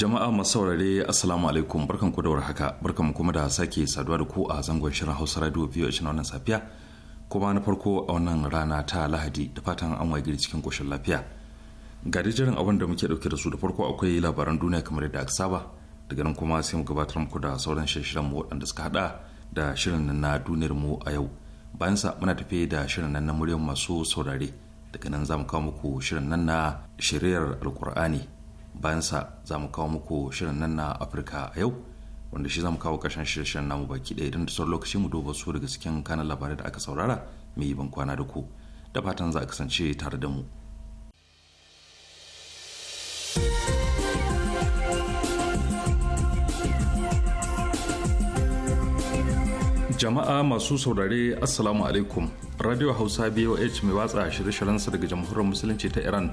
jama'a masu saurare assalamu alaikum barkan ku da warhaka barkan mu kuma da sake saduwa da ku a zangon shirin hausa radio biyu a wannan safiya kuma na farko a wannan rana ta lahadi da fatan an waye cikin koshin lafiya ga dijirin abin da muke dauke da su da farko akwai labaran duniya kamar yadda aka saba daga nan kuma sai mu gabatar muku da sauran shirin mu waɗanda suka hada da shirin nan na duniyar mu a yau bayan sa muna tafe da shirin nan na muryar masu saurare daga nan za mu kawo muku shirin nan na shiriyar alkur'ani bayansa za mu kawo muku shirin nan na afirka a yau wanda shi za mu kawo ƙarshen shirin namu baki ɗaya idan da sauran lokaci mu duba su daga cikin kanan labarai da aka saurara mai yi ban kwana da ku da fatan za a kasance tare da mu. jama'a masu saurare assalamu alaikum radio hausa boh mai watsa shirye-shiryensa daga jamhuriyar musulunci ta iran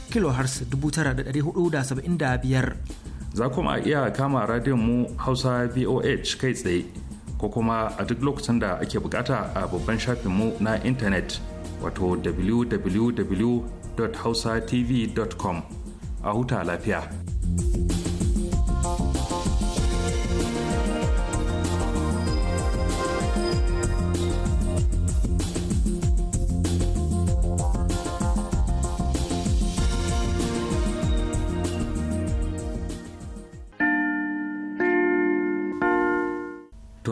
kilohertz biyar. za kuma iya kama radiyon mu hausa boh kai tsaye ko kuma a duk lokacin da ake bukata a babban shafinmu na intanet wato www.hausatv.com a huta lafiya.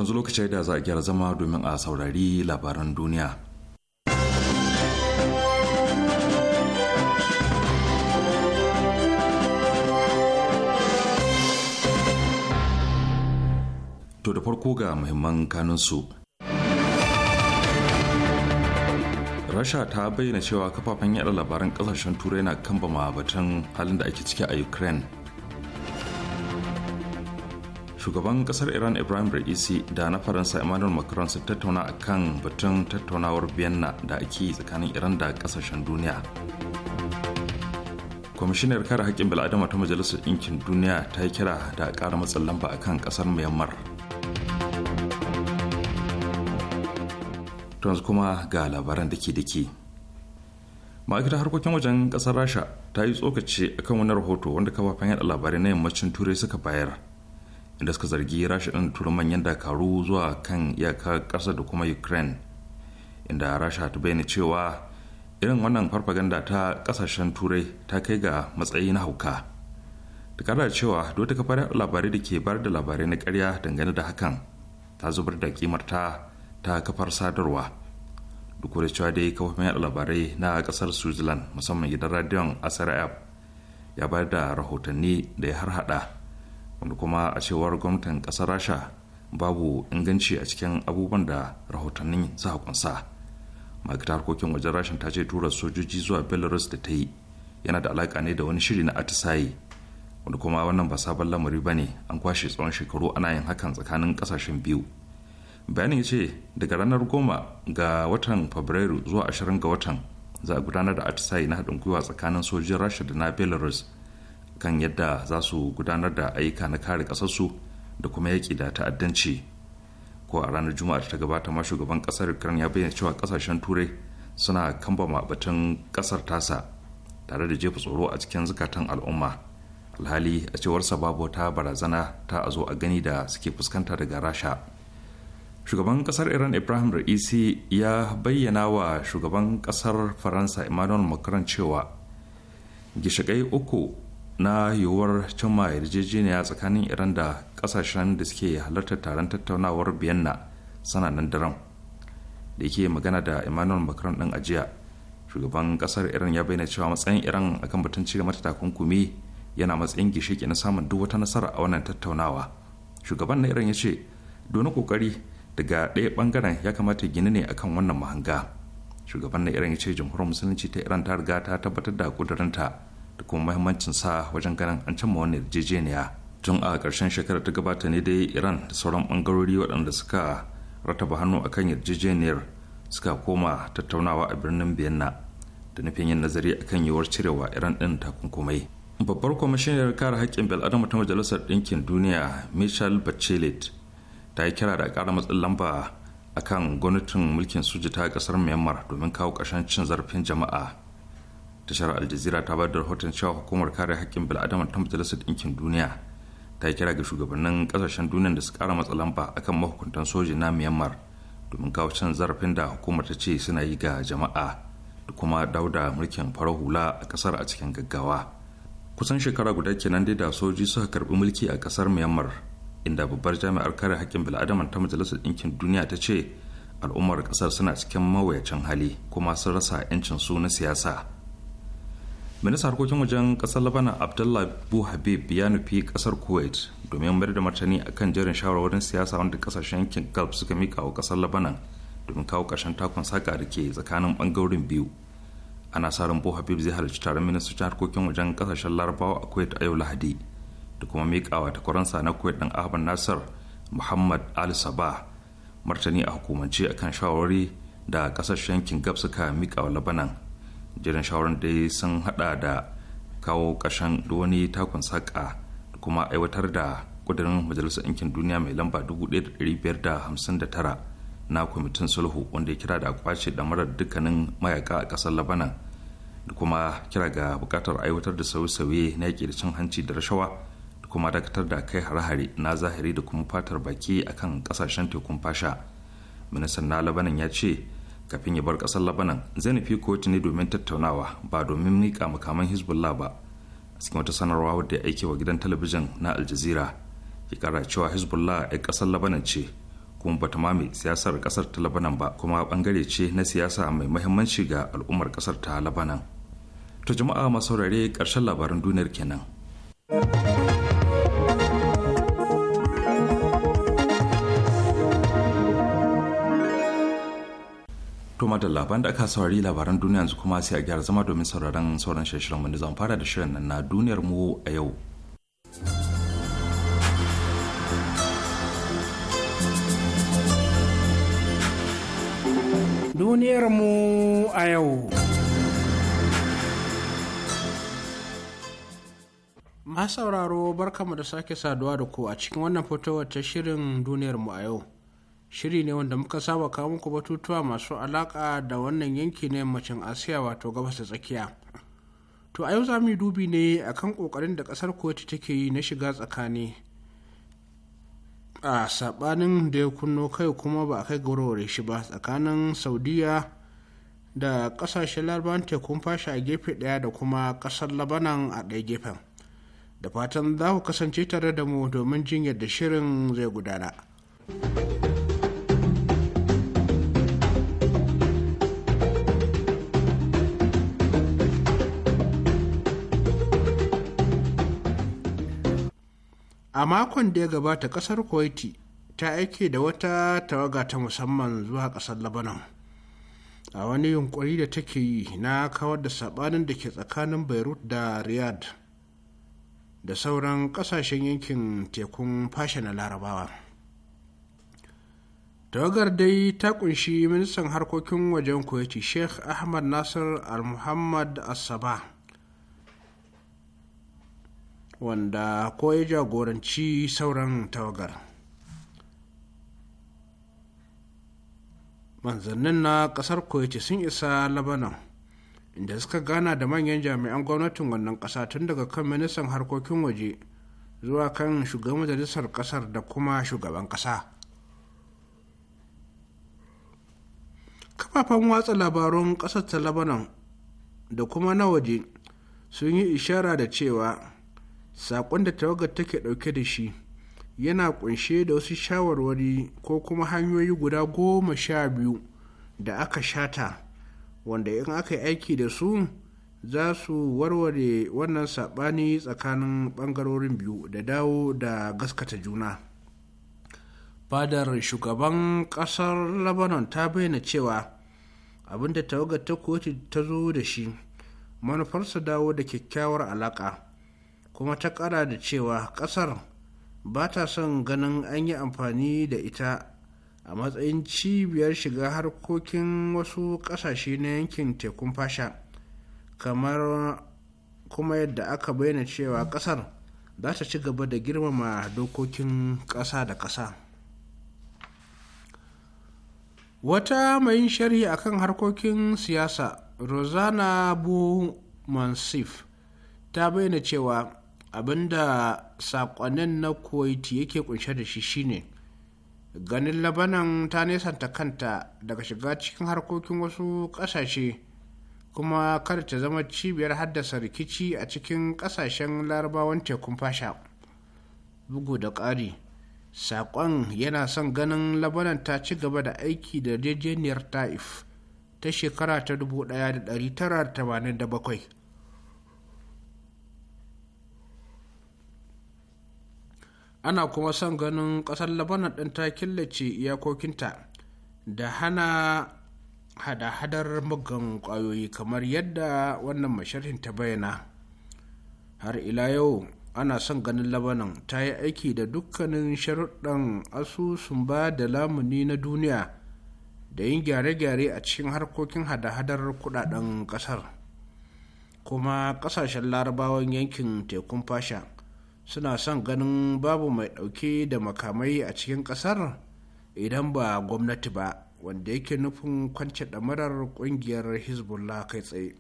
yanzu lokacin da za a gyara zama domin a saurari labaran duniya. To da farko ga muhimman kanunsu. Rasha ta bayyana cewa kafafen yada labaran kasashen turai na kambama batun halin da ake ciki a Ukraine. shugaban kasar iran ibrahim raisi da na faransa emmanuel macron su tattauna a kan batun tattaunawar vienna da ake tsakanin iran da kasashen duniya kwamishinar kare haƙƙin bil'adama ta majalisar ɗinkin duniya ta yi kira da ƙara matsin lamba a kan ƙasar myanmar tons kuma ga labaran da ke dake ma'aikata harkokin wajen ƙasar rasha ta yi tsokaci akan wani rahoto wanda kafafen yada labarai na yammacin turai suka bayar inda suka zargi rasha ɗin tura manyan dakaru zuwa kan iyakar ƙasa da kuma ukraine inda rasha ta bayyana cewa irin wannan farfaganda ta ƙasashen turai ta kai ga matsayi na hauka da ƙara cewa duk kafar labarai da ke bar da labarai na ƙarya dangane da hakan ta zubar da kimarta ta kafar sadarwa duk da cewa dai kafofin yaɗa labarai na ƙasar switzerland musamman gidan radiyon asar ya bayar da rahotanni da ya harhaɗa wanda kuma a cewar gwamnatin ƙasar rasha babu inganci a cikin abubuwan da rahotannin za kunsa ma'aikatar harkokin wajen rashin ta ce tura sojoji zuwa belarus da ta yi yana da alaƙa ne da wani shiri na atisaye wanda kuma wannan ba sabon lamari ba ne an kwashe tsawon shekaru ana yin hakan tsakanin ƙasashen biyu bayanin ya ce daga ranar goma ga watan fabrairu zuwa ashirin ga watan za a gudanar da atisaye na haɗin gwiwa tsakanin sojin rasha da na belarus kan yadda za su gudanar da ayyuka na kare ƙasarsu da kuma yaƙi da ta'addanci ko a ranar juma'a ta gabata ma shugaban ƙasar ukran ya bayyana cewa ƙasashen turai suna kambama batun ƙasar tasa tare da jefa tsoro a cikin zukatan al'umma alhali a cewar sa babu ta barazana ta a zo a gani da suke fuskanta daga rasha shugaban ƙasar iran ibrahim ra'isi ya bayyana wa shugaban ƙasar faransa emmanuel macron cewa gishagai uku na yiwuwar cimma yarjejeniya tsakanin iran da kasashen da suke halartar taron tattaunawar biyanna sanannen daren da yake magana da emmanuel macron din ajiya shugaban kasar iran ya bayyana cewa matsayin iran akan batun cire mata takunkumi yana matsayin gishiki na samun duk wata nasara a wannan tattaunawa shugaban na iran ya ce doni kokari daga ɗaya bangaren ya kamata gini ne akan wannan mahanga shugaban na iran ya ce jamhuriyar musulunci ta iran ta riga ta tabbatar da kudurinta da kuma mahimmancin sa wajen ganin an cimma wani yarjejeniya tun a ƙarshen shekarar ta gabata ne dai iran da sauran ɓangarori waɗanda suka rataba hannu akan yarjejeniyar suka koma tattaunawa a birnin vienna da nufin yin nazari akan yiwuwar cirewa iran ɗin takunkumai babbar kwamishinar kare haƙƙin bil'adama ta majalisar ɗinkin duniya michel bachelet ta yi kira da ƙara matsin lamba akan gwamnatin mulkin soja ta ƙasar myanmar domin kawo ƙarshen cin zarafin jama'a tashar aljazira ta bayar da rahoton cewa hukumar kare haƙƙin bil'adama ta majalisar ɗinkin duniya ta yi kira ga shugabannin ƙasashen duniya da su ƙara matsa lamba akan mahukuntan soji na myanmar domin kawo can zarafin da hukumar ta ce suna yi ga jama'a da kuma dauda mulkin farar hula a ƙasar a cikin gaggawa kusan shekara guda kenan dai da soji suka karbi mulki a ƙasar myanmar inda babbar jami'ar kare haƙƙin bil'adama ta majalisar ɗinkin duniya ta ce al'ummar ƙasar suna cikin mawuyacin hali kuma sun rasa 'yancin su na siyasa minista harkokin wajen kasar labanan abdullah bu habib ya nufi kasar kuwait domin mayar da martani akan jerin shawarwarin siyasa wanda kasashen yankin gulf suka mika wa kasar labanan domin kawo karshen takon saka da ke tsakanin bangarorin biyu ana sa ran bu habib zai halarci taron ministocin harkokin wajen kasashen larabawa a kuwait a yau lahadi da kuma mika wa takwaransa na kuwait ɗan ahmad nasir muhammad al sabah martani a hukumance akan shawarwari da kasashen yankin gulf suka mika wa labanan jiran shawarar dai sun hada da kawo ƙashen wani takun saƙa da kuma aiwatar da ƙudurin majalisar ɗinkin duniya mai lamba 1559 na kwamitin sulhu wanda ya kira da kwace marar dukkanin mayaka a ƙasar labanan da kuma kira ga buƙatar aiwatar da sauye-sauye na yaƙi da cin hanci da rashawa da kuma dakatar da kai hare-hare na zahiri da kuma fatar baki akan ƙasashen tekun fasha ministan na labanan ya ce kafin ya bar kasar labanan zai nufi kotu ne domin tattaunawa ba domin mika makaman hezbollah ba a cikin wata sanarwa wadda ya aike wa gidan talabijin na aljazira ya kara cewa hezbollah ya kasar labanan ce kuma ba bata mame siyasar kasar ta labanan ba kuma bangare ce na siyasa mai mahimmanci ga al'ummar kasar ta labanan to jama'a masaurare karshen labaran duniyar kenan To madalla ban da aka saurari labaran duniya yanzu kuma sai a gyara zama domin sauraron sauran shirin wanda zan fara da shirin nan na duniyar mu a yau. Duniyar mu a yau. Masauraro barkamu da sake saduwa da ku a cikin wannan fitowar ta shirin duniyar mu a yau. shiri ne wanda muka saba kawo muku batutuwa masu alaƙa da wannan yanki na yammacin asiya wato gabas da tsakiya to a yau za mu yi dubi ne akan ƙoƙarin da ƙasar kuwait take yi na shiga tsakani a saɓanin da ya kunno kai kuma ba a kai gaurawar shi ba tsakanin saudiya da ƙasashen larabawan tekun fasha a gefe ɗaya da kuma ƙasar labanan a ɗaya gefen da fatan za ku kasance tare da mu domin jin yadda shirin zai gudana. a makon da ya gabata kasar kuwaiti ta aike da wata tawaga ta musamman zuwa kasar labanon a wani yunkuri da take yi na kawar da sabanin da ke tsakanin beirut da riyadh da sauran kasashen yankin tekun fasha na larabawa tawagar dai ta kunshi ministan harkokin wajen kuwaiti sheikh ahmad nasir al-muhammad as-sabah wanda ko ya jagoranci sauran tawagar manzannin na kasar kuwaiti sun isa labanan inda suka gana da manyan jami'an gwamnatin wannan kasa tun daga kan ministan harkokin waje zuwa kan shugaban majalisar kasar da kuma shugaban kasa kafafen watsa labarun kasar ta labanan da kuma na waje sun yi ishara da cewa saƙon da tawagar take ɗauke da shi yana ƙunshe da wasu shawarwari ko kuma hanyoyi guda goma sha biyu da aka shata wanda in aka yi aiki da su za su warware wannan saɓani tsakanin ɓangarorin biyu da dawo da gaskata juna fadar shugaban ƙasar lebanon ta bayyana cewa abinda tawagar ta kotu ta zo da shi manufarsa dawo da kyakkyawar alaƙa kuma ta kara da cewa kasar ba ta son ganin an yi amfani da ita a matsayin cibiyar shiga harkokin wasu kasashe na yankin tekun fasha kamar kuma yadda aka bayyana cewa kasar za ta ci gaba da girmama dokokin ƙasa da ƙasa wata mai sharhi akan harkokin siyasa rosanna bu mansif ta bayyana cewa abinda saƙonnin na kuwait yake kunshe da shi shine ganin labanan ta nesanta kanta daga shiga cikin harkokin wasu ƙasashe, kuma kada ta zama cibiyar haddasa rikici a cikin ƙasashen larabawan tekun fasha bugu da ƙari saƙon yana son ganin labanan ta ci gaba da aiki da yarjejeniyar taif ta shekara ta 1987 ana kuma son ganin ƙasar labanan ɗin ta killace iyakokinta da hana hada-hadar muggan ƙwayoyi kamar yadda wannan masharhin ta bayyana har ila yau ana son ganin labanan ta yi aiki da dukkanin sharuɗan asusun ba da lamuni na duniya da yin gyare-gyare a cikin harkokin hada-hadar kudaden ƙasar kuma ƙasashen larabawan yankin tekun fasha suna son ganin babu mai ɗauke da makamai a cikin ƙasar idan ba gwamnati ba wanda yake nufin kwance ɗamarar ƙungiyar hezbollah kai tsaye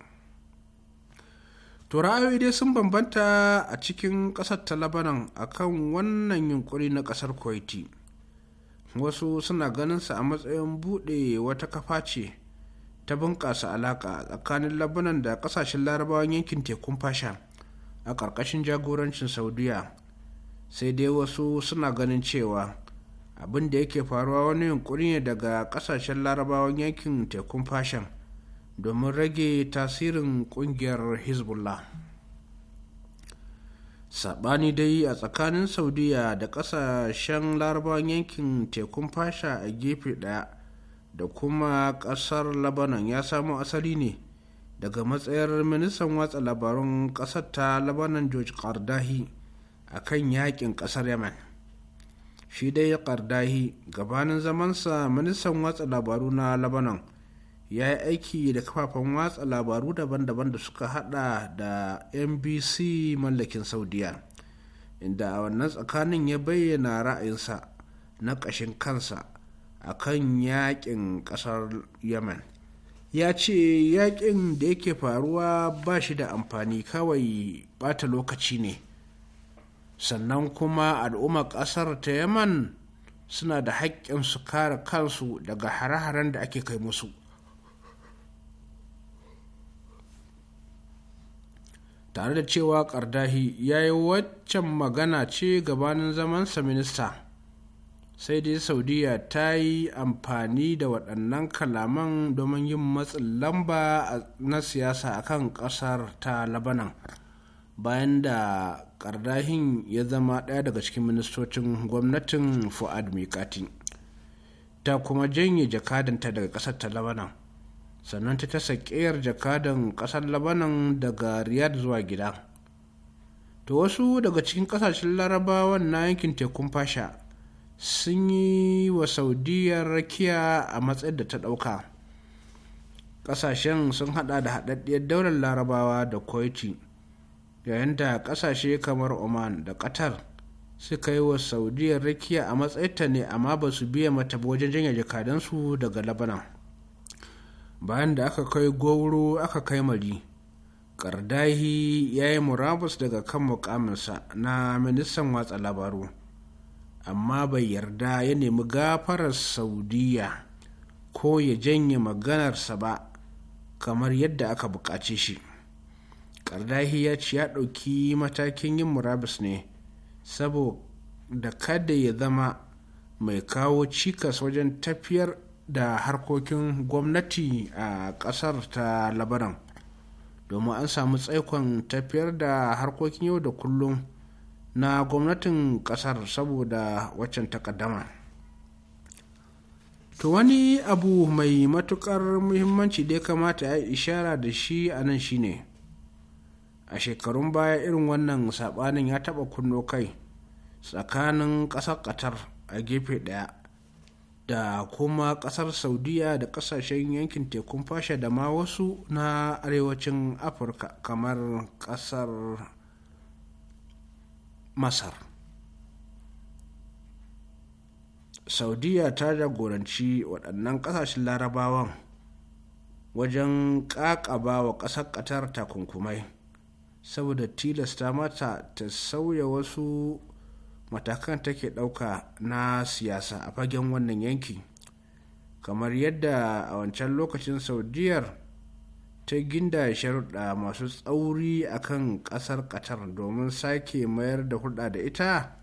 to ra'ayoyi dai sun bambanta a cikin ƙasar ta labanan akan wannan yunkuri na ƙasar kwaiti wasu suna ganinsa a matsayin buɗe wata kafa ce ta bunƙasa alaƙa tsakanin labanan da ƙasashen larabawan yankin tekun fasha a ƙarƙashin jagorancin saudiya sai dai wasu suna ganin cewa abin da yake faruwa wani yunkuri ne daga ƙasashen larabawan yankin tekun fashan domin rage tasirin ƙungiyar hezbollah saɓani dai a tsakanin saudiya da ƙasashen larabawan yankin tekun fasha a gefe ɗaya da kuma ƙasar labanan ya samo asali ne daga matsayar ministan watsa labarun ƙasar ta labanan george kardahi a kan yakin ƙasar yemen shi dai kardahi gabanin zamansa ministan watsa labaru na labanan ya yi aiki da kafafen watsa labaru daban-daban da suka hada da nbc mallakin saudiya inda a wannan tsakanin ya bayyana ra'ayinsa na ƙashin kansa a kan yakin ƙasar yemen ya ce yakin da yake faruwa ba shi da amfani kawai bata lokaci ne sannan kuma al'ummar ƙasar ta yaman suna da haƙƙin su kare kansu daga hare-haren da ake kai musu tare da cewa ƙardahi ya yi waccan magana ce gabanin zamansa minista sai dai saudiya ta yi amfani da waɗannan kalaman domin yin matsin lamba na siyasa a kan ƙasar ta labanan bayan da ƙardahin ya zama ɗaya daga cikin ministocin gwamnatin fuad mikati ta kuma janye jakadanta daga ƙasar ta labanan sannan ta ta sakiyar jakadan ƙasar labanan daga Riyad zuwa gida ta wasu daga cikin ƙasashen larabawan na yankin tekun fasha sun yi wa saudiyar rakiya a matsayin da ta ɗauka ƙasashen sun hada da haɗaɗɗiyar daular larabawa da kwaiti yayin da ƙasashe kamar oman da qatar suka yi wa saudiyar rakiya a matsayinta ne amma ba su biya mata wajen janye jakadansu daga labanan bayan da aka kai goro aka kai mari kardahi ya yi murabus daga kan mukaminsa na ministan watsa labaru amma bai yarda ya nemi gafarar saudiya ko ya janye maganarsa ba kamar yadda aka buƙace shi ƙardahi ya ce ya ɗauki matakin yin murabus ne saboda kada ya zama mai kawo cikas wajen tafiyar da harkokin gwamnati a ƙasar ta labaran domin an samu tsaikon tafiyar da harkokin yau da kullum na gwamnatin kasar saboda waccan takaddama to wani abu mai matukar muhimmanci da ya kamata ya ishara da shi a nan shine a shekarun baya irin wannan sabanin ya taba kunno kai tsakanin kasar qatar a gefe daya da kuma kasar saudiya da kasashen yankin tekun fasha da ma wasu na arewacin afirka kamar kasar masar saudiya ta jagoranci waɗannan ƙasashen larabawan wajen ƙaƙaba wa ƙasar ƙatar takunkumai saboda tilasta mata ta sauya wasu matakan take ɗauka na siyasa a fagen wannan yanki kamar yadda a wancan lokacin saudiyar ta ginda sharuɗa masu tsauri a kan ƙasar ƙatar domin sake mayar da hulɗa da ita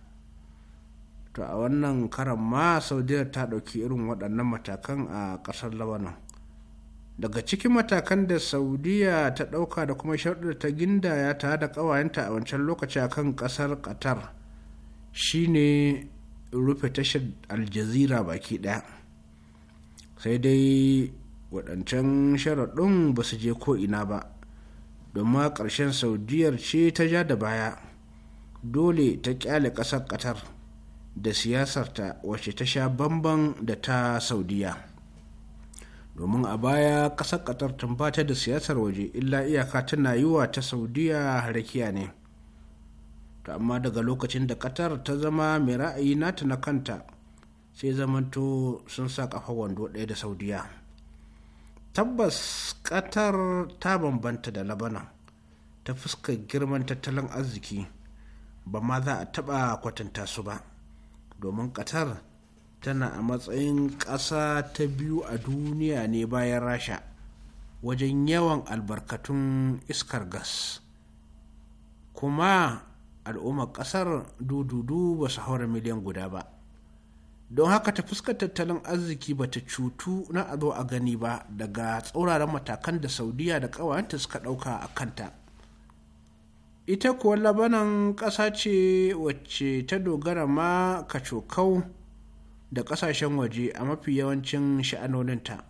to a wannan karan ma saudiya ta ɗauki irin waɗannan matakan a ƙasar labanon daga cikin matakan da Saudiyya ta ɗauka da kuma sharuɗa ta Ginda ya tare da ƙawayenta a wancan lokaci a kan ƙasar ƙatar shine rufe tashar aljazira baki ɗaya sai dai waɗancan sharaɗin ba su je ko'ina ba domin ƙarshen saudiyar ce ta ja da baya dole ta ƙyale ƙasar ƙatar da siyasarta wace ta sha bamban da ta saudiya domin a baya ƙasar ƙatar tun ba da siyasar waje illa iyaka tana yiwa ta saudiya harakiya ne to amma daga lokacin da ƙatar ta zama mai ra'ayi nata na kanta sai zamanto sun sa ƙafa wando ɗaya da saudiya tabbas ƙatar ta bambanta da labanan ta fuska girman tattalin arziki ba ma za a taɓa kwatanta su ba domin ƙatar tana a matsayin ƙasa ta biyu a duniya ne bayan rasha wajen yawan albarkatun iskar gas kuma al'ummar ƙasar dududu ba su haura miliyan guda ba don haka ta fuskar tattalin arziki ba ta cutu na azo a gani ba daga tsauraran matakan da saudiya da ƙawayenta suka ɗauka a kanta ita kuwa labanan ƙasa ce wacce ta dogara ma kacokau da ƙasashen waje a mafi yawancin sha'anoninta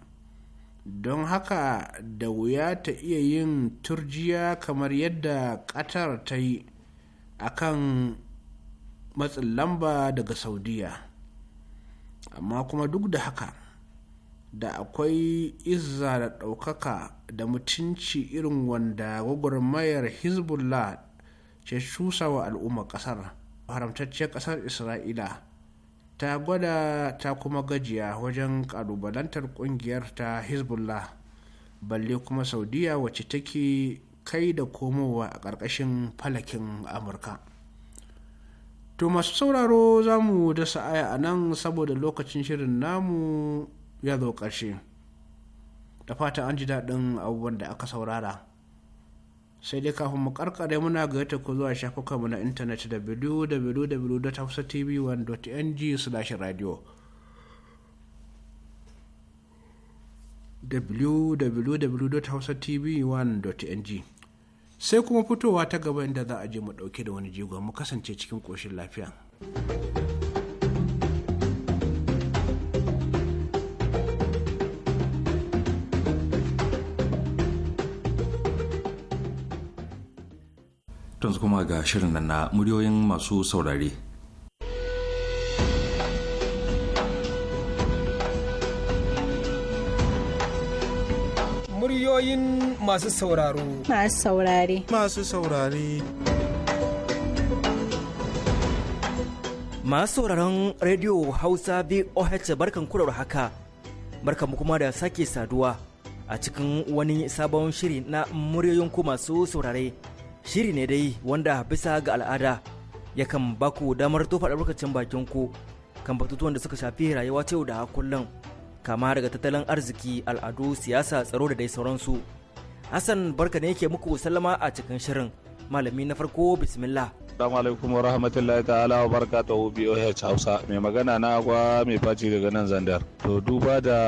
don haka da wuya ta iya yin turjiya kamar yadda ƙatar ta yi a kan matsin lamba daga saudiya amma kuma duk da haka da akwai izza da ɗaukaka da mutunci irin wanda gwagwarmayar hezbollah ce cusa wa al'ummar ƙasar haramtacciyar ƙasar isra'ila ta gwada ta kuma gajiya wajen ƙalubalantar ƙungiyar ta hezbollah balle kuma saudiya wacce take kai da komowa a ƙarƙashin falakin amurka to masu sauraro za mu dasa aya a nan saboda lokacin shirin namu ya zo ƙarshe da fata an ji daɗin abubuwan da aka saurara sai dai kafin mu karkare muna gayyata ku zuwa shafukanmu na intanet www.hausatv1.ng/radio www.hausatv1.ng sai kuma fitowa ta gaba inda za a je mu ɗauke da wani jigon mu kasance cikin ƙoshin lafiya. yanzu kuma ga shirin na muryoyin masu saurare ra'ayoyin masu sauraro. Masu saurare. Masu saurare. Masu sauraron Radio Hausa VOH barkan kurar haka, barkan kuma da sake saduwa a cikin wani sabon shiri na muryoyin ku masu saurare. Shiri ne dai wanda bisa ga al'ada yakan baku damar tofa albarkacin bakin ku kan batutuwan da suka shafi rayuwa ta yau da kullum. kama daga tattalin arziki al'adu siyasa tsaro da dai sauransu hassan barka ne yake muku sallama a cikin shirin malami na farko bismillah Assalamu alaikum wa rahmatullahi ta'ala wa barka ta BOH Hausa mai magana na agwa mai faci daga nan zandar. To duba da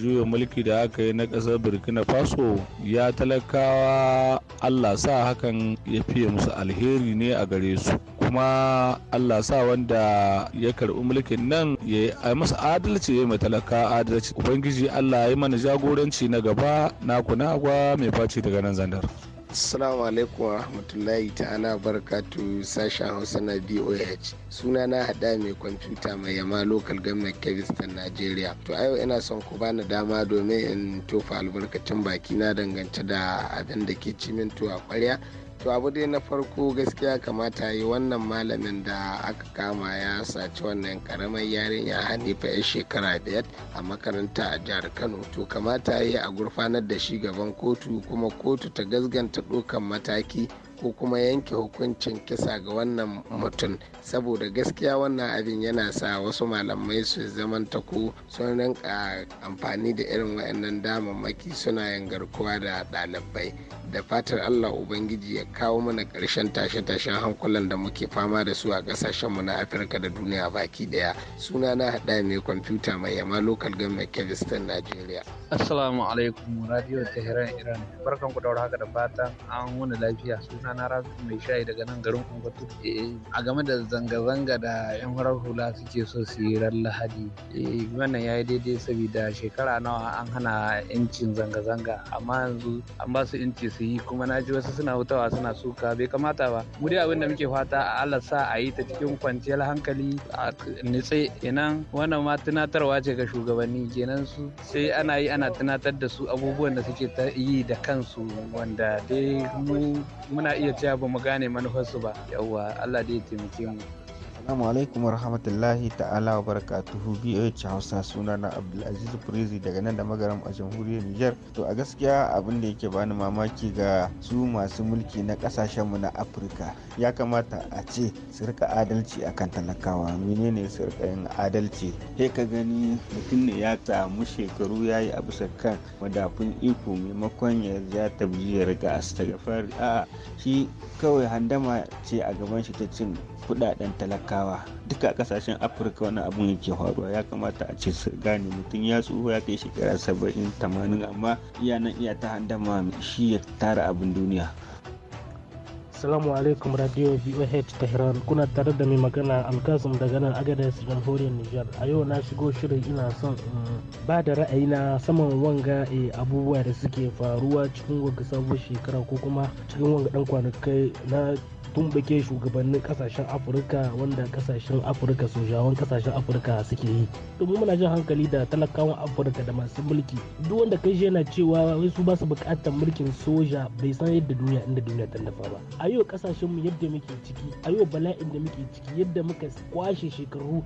juyin mulki da aka yi na ƙasar Burkina Faso ya talakawa Allah sa hakan ya fiye musu alheri ne a gare su. kuma allah sa wanda ya karbi mulkin nan ya yi masa adalci ya mai talaka adalci ubangiji allah ya yi mana jagoranci na gaba na kunagwa mai faci daga nan zandar Assalamu alaikum wa rahmatullahi ta'ala barkatu sashen Hausa na BOH. Suna na hada mai kwamfuta mai yama local government Kevistan Nigeria. To a yau ina son ku bani dama domin in tofa albarkacin baki na dangance da abin da ke cimin tuwa kwarya to abu dai na farko gaskiya kamata yi wannan malamin da aka kama ya saci wannan karamar yarinya hanifa ya shekara biyar a makaranta a jihar kano to kamata yi a gurfanar da shi gaban kotu kuma kotu ta gasganta ɗaukan mataki ko kuma yanke hukuncin kisa ga wannan mutum saboda gaskiya wannan abin yana sa wasu malamai su zamanta ko sun rinka amfani da irin wayannan damammaki suna yin garkuwa da ɗalibai da fatar allah ubangiji ya kawo mana ƙarshen tashe-tashen hankulan da muke fama da su a ƙasashenmu na afirka da duniya baki ɗaya suna na haɗa mai kwamfuta mai yama local government kevistan nigeria assalamu alaikum radio tehran iran barkan ku da haka da fatan an wani lafiya su sunana rafi mai shayi daga nan garin Ungwatu. Eh, a game da zanga-zanga da 'yan farar hula suke so su yi ran Lahadi. Eh, wannan ya yi daidai saboda shekara nawa an hana 'yancin zanga-zanga amma yanzu an ba su 'yanci su yi kuma na ji wasu suna hutawa suna suka bai kamata ba. Mu dai abin da muke fata a Allah sa a yi ta cikin kwanciyar hankali a nitse inan wannan ma tunatarwa ce ga shugabanni kenan su sai ana yi ana tunatar da su abubuwan da suke yi da kansu wanda dai mu muna iya cewa ba mu gane manufarsu ba yawwa Allah da ya taimake mu Assalamu alaikum warahmatullahi ta'ala wa barakatuhu BOH Hausa suna na Abdulaziz Prezi daga nan da magaram a jamhuriyar Nijar. To a gaskiya abin da yake bani mamaki ga su masu mulki na kasashen mu na Afirka. Ya kamata a ce su rika adalci akan talakawa. Menene su rika yin adalci? Sai ka gani mutum ne ya samu shekaru yayi a bisa kan madafun iko maimakon ya ya tabji ya rika A'a shi kawai handama ce a gaban shi ta cin kudaden talaka talakawa duka a kasashen afirka wani abun yake faruwa ya kamata a ce su gane mutum ya tsoho ya kai shekara saba'in tamanin amma iya nan iya ta handama shi ya tara abin duniya salamu alaikum Radio VOH Tehran kuna tare da mai magana alkazum daga nan Agadez Jamhuriyar niger A yau na shigo shirin ina son ba da na saman wanga e abubuwa da suke faruwa cikin wanga sabuwar shekara ko kuma cikin wanga dan kwanakai na tumbuke shugabannin kasashen afirka wanda kasashen afirka sojawan kasashen afirka suke yi domin muna jin hankali da talakawan afirka da masu mulki duk wanda kai shi yana cewa wai su ba su bukatar mulkin soja bai san yadda duniya inda duniya ta dafa ba a yau kasashen mu yadda muke ciki a yau bala'in da muke ciki yadda muka kwashe shekaru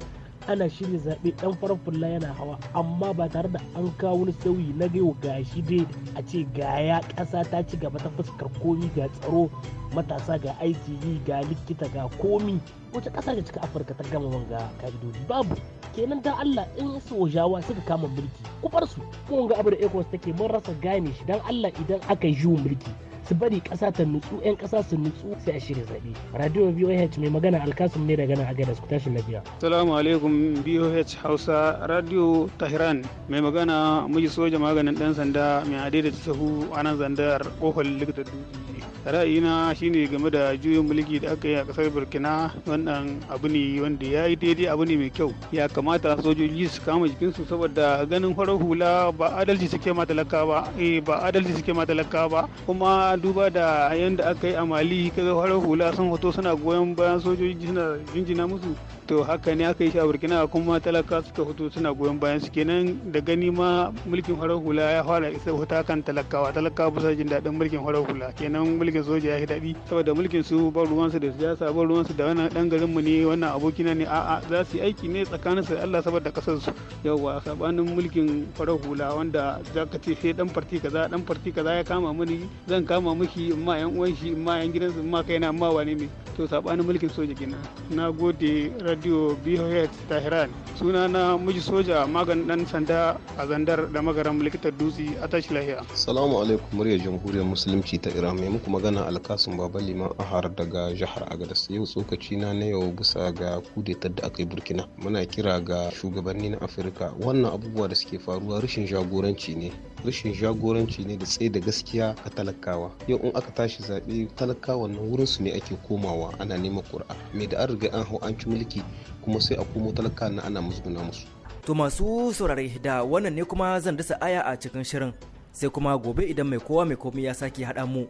ana shirya zaɓe ɗan farar fulla yana hawa amma ba tare da an kawo wani sauyi na gaiwa shi dai a ce gaya ƙasa ta ci gaba ta fuskar komi ga tsaro matasa ga aiki ga likita ga komi wata ƙasa da cika afirka ta gama wanga ka'idodi babu kenan ta Allah in sojawa suka kama mulki ku bar su kun ga abu da ECOWAS take mun rasa gane shi dan Allah idan aka yi mulki su bari ƙasa ta nutsu 'yan kasa su nutsu sai a shirya zaɓe radio voh mai magana alkasum ne daga nan agadas ku tashi lafiya salamu alaikum voh hausa radio tahiran mai magana miji soja maganin dan sanda mai adai da sahu a nan zandar kofar likita dubi ra'ayina shine game da juyin mulki da aka yi a kasar burkina wannan abu ne wanda ya yi daidai abu ne mai kyau ya kamata sojoji su kama su saboda ganin farar hula ba adalci suke ma talaka ba eh, ba adalci suke matalaka ba kuma duba da yadda aka yi a mali kaga har hula sun hoto suna goyon bayan sojoji suna jinjina musu to haka ne aka yi shi a burkina kuma talaka suka fito suna goyon bayan su kenan da gani ma mulkin farar hula ya fara isa wata kan talakawa talakawa ba sa jin daɗin mulkin farar hula kenan mulkin soja ya yi daɗi saboda mulkin su ba ruwansu da siyasa ba ruwansu da wannan ɗan garin mu ne wannan abokina ne a'a za su yi aiki ne tsakanin su Allah saboda kasar su yawwa sabanin mulkin farar hula wanda za ka ce sai dan farti kaza dan farti kaza ya kama mini zan kama miki in ma yan uwan shi in ma yan gidansu in ma kaina in ma wane ne to sabanin mulkin soja kenan na gode radio bihoyet Tehran. Suna na miji soja maganin dan sanda a zandar da magaran likitar dutse a tashi lahiya. Salamu alaikum murya jamhuriyar musulunci ta Iran mai muku magana alkasun baba liman ahar daga jihar Agadas yau tsokaci na na yau bisa ga kudetar da aka yi Burkina. Muna kira ga shugabanni na Afirka wannan abubuwa da suke faruwa rashin jagoranci ne. Rashin jagoranci ne da tsaye da gaskiya a talakawa. Yau in aka tashi zaɓe talakawan nan su ne ake komawa ana neman ƙura. mai da an riga an hau an ci mulki kuma sai a komo talaka na ana musguna musu to masu saurare da wannan ne kuma zan dasa aya a cikin shirin sai kuma gobe idan mai kowa mai komai ya sake haɗa mu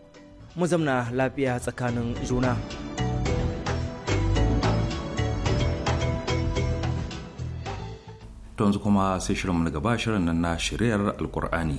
mu zamna lafiya tsakanin juna. yanzu kuma sai mu na gaba shirin nan na shiryar alkur'ani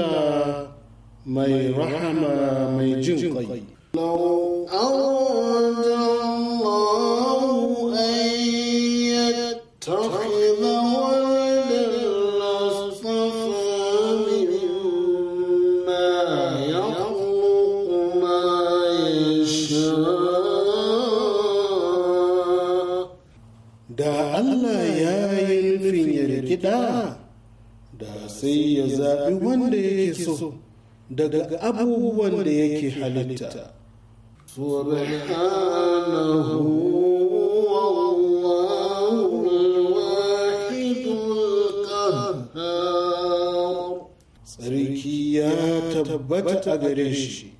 Allah mai rahama mai jin daga abubuwan da yake halitta. Tsarki ya tabbata a gare shi,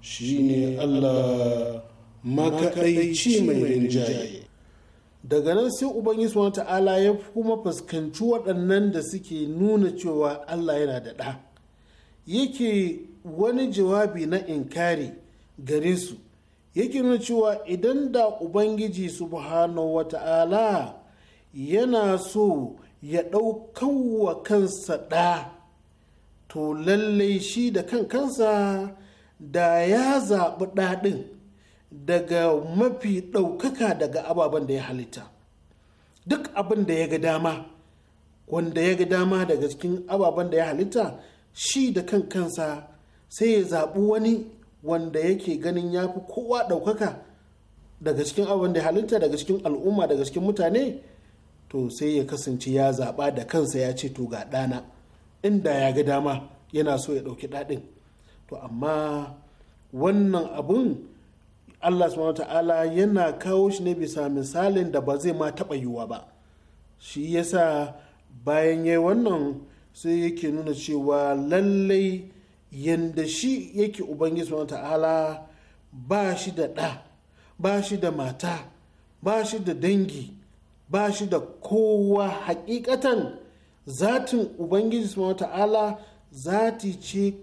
shi ne Allah makaɗaici mai rinjaye. daga nan sai ubangiji wani ta'ala ya kuma fuskanci waɗannan da suke nuna cewa allah yana da ɗa yake wani jawabi na inkari gare su yake nuna cewa idan da ubangiji subhanahu wata'ala yana so ya ɗaukawa kansa ɗa to lallai shi da kan kansa da ya zaɓi ɗaɗin daga mafi ɗaukaka daga ababen da ya halitta duk abin da ya ga dama wanda ya ga dama daga cikin ababen da ya halitta shi da kan kansa sai ya zaɓi wani wanda yake ganin ya fi kowa ɗaukaka daga cikin abin da halitta daga cikin al'umma daga cikin mutane to sai ya kasance ya zaɓa da kansa ya ce to ga ɗana inda ya ga dama yana so ya ɗauki ɗaɗin to amma wannan abun allah subhanahu ta'ala yana kawo shi ne bisa misalin da ba zai ma taɓa yiwuwa ba shi yasa bayan yayi wannan sai yake nuna cewa lallai yadda shi yake ubangiji wata ta'ala ba shi da ɗa ba shi da mata ba shi da dangi ba shi da kowa hakikatan zatin ubangiji wata ta'ala zati ce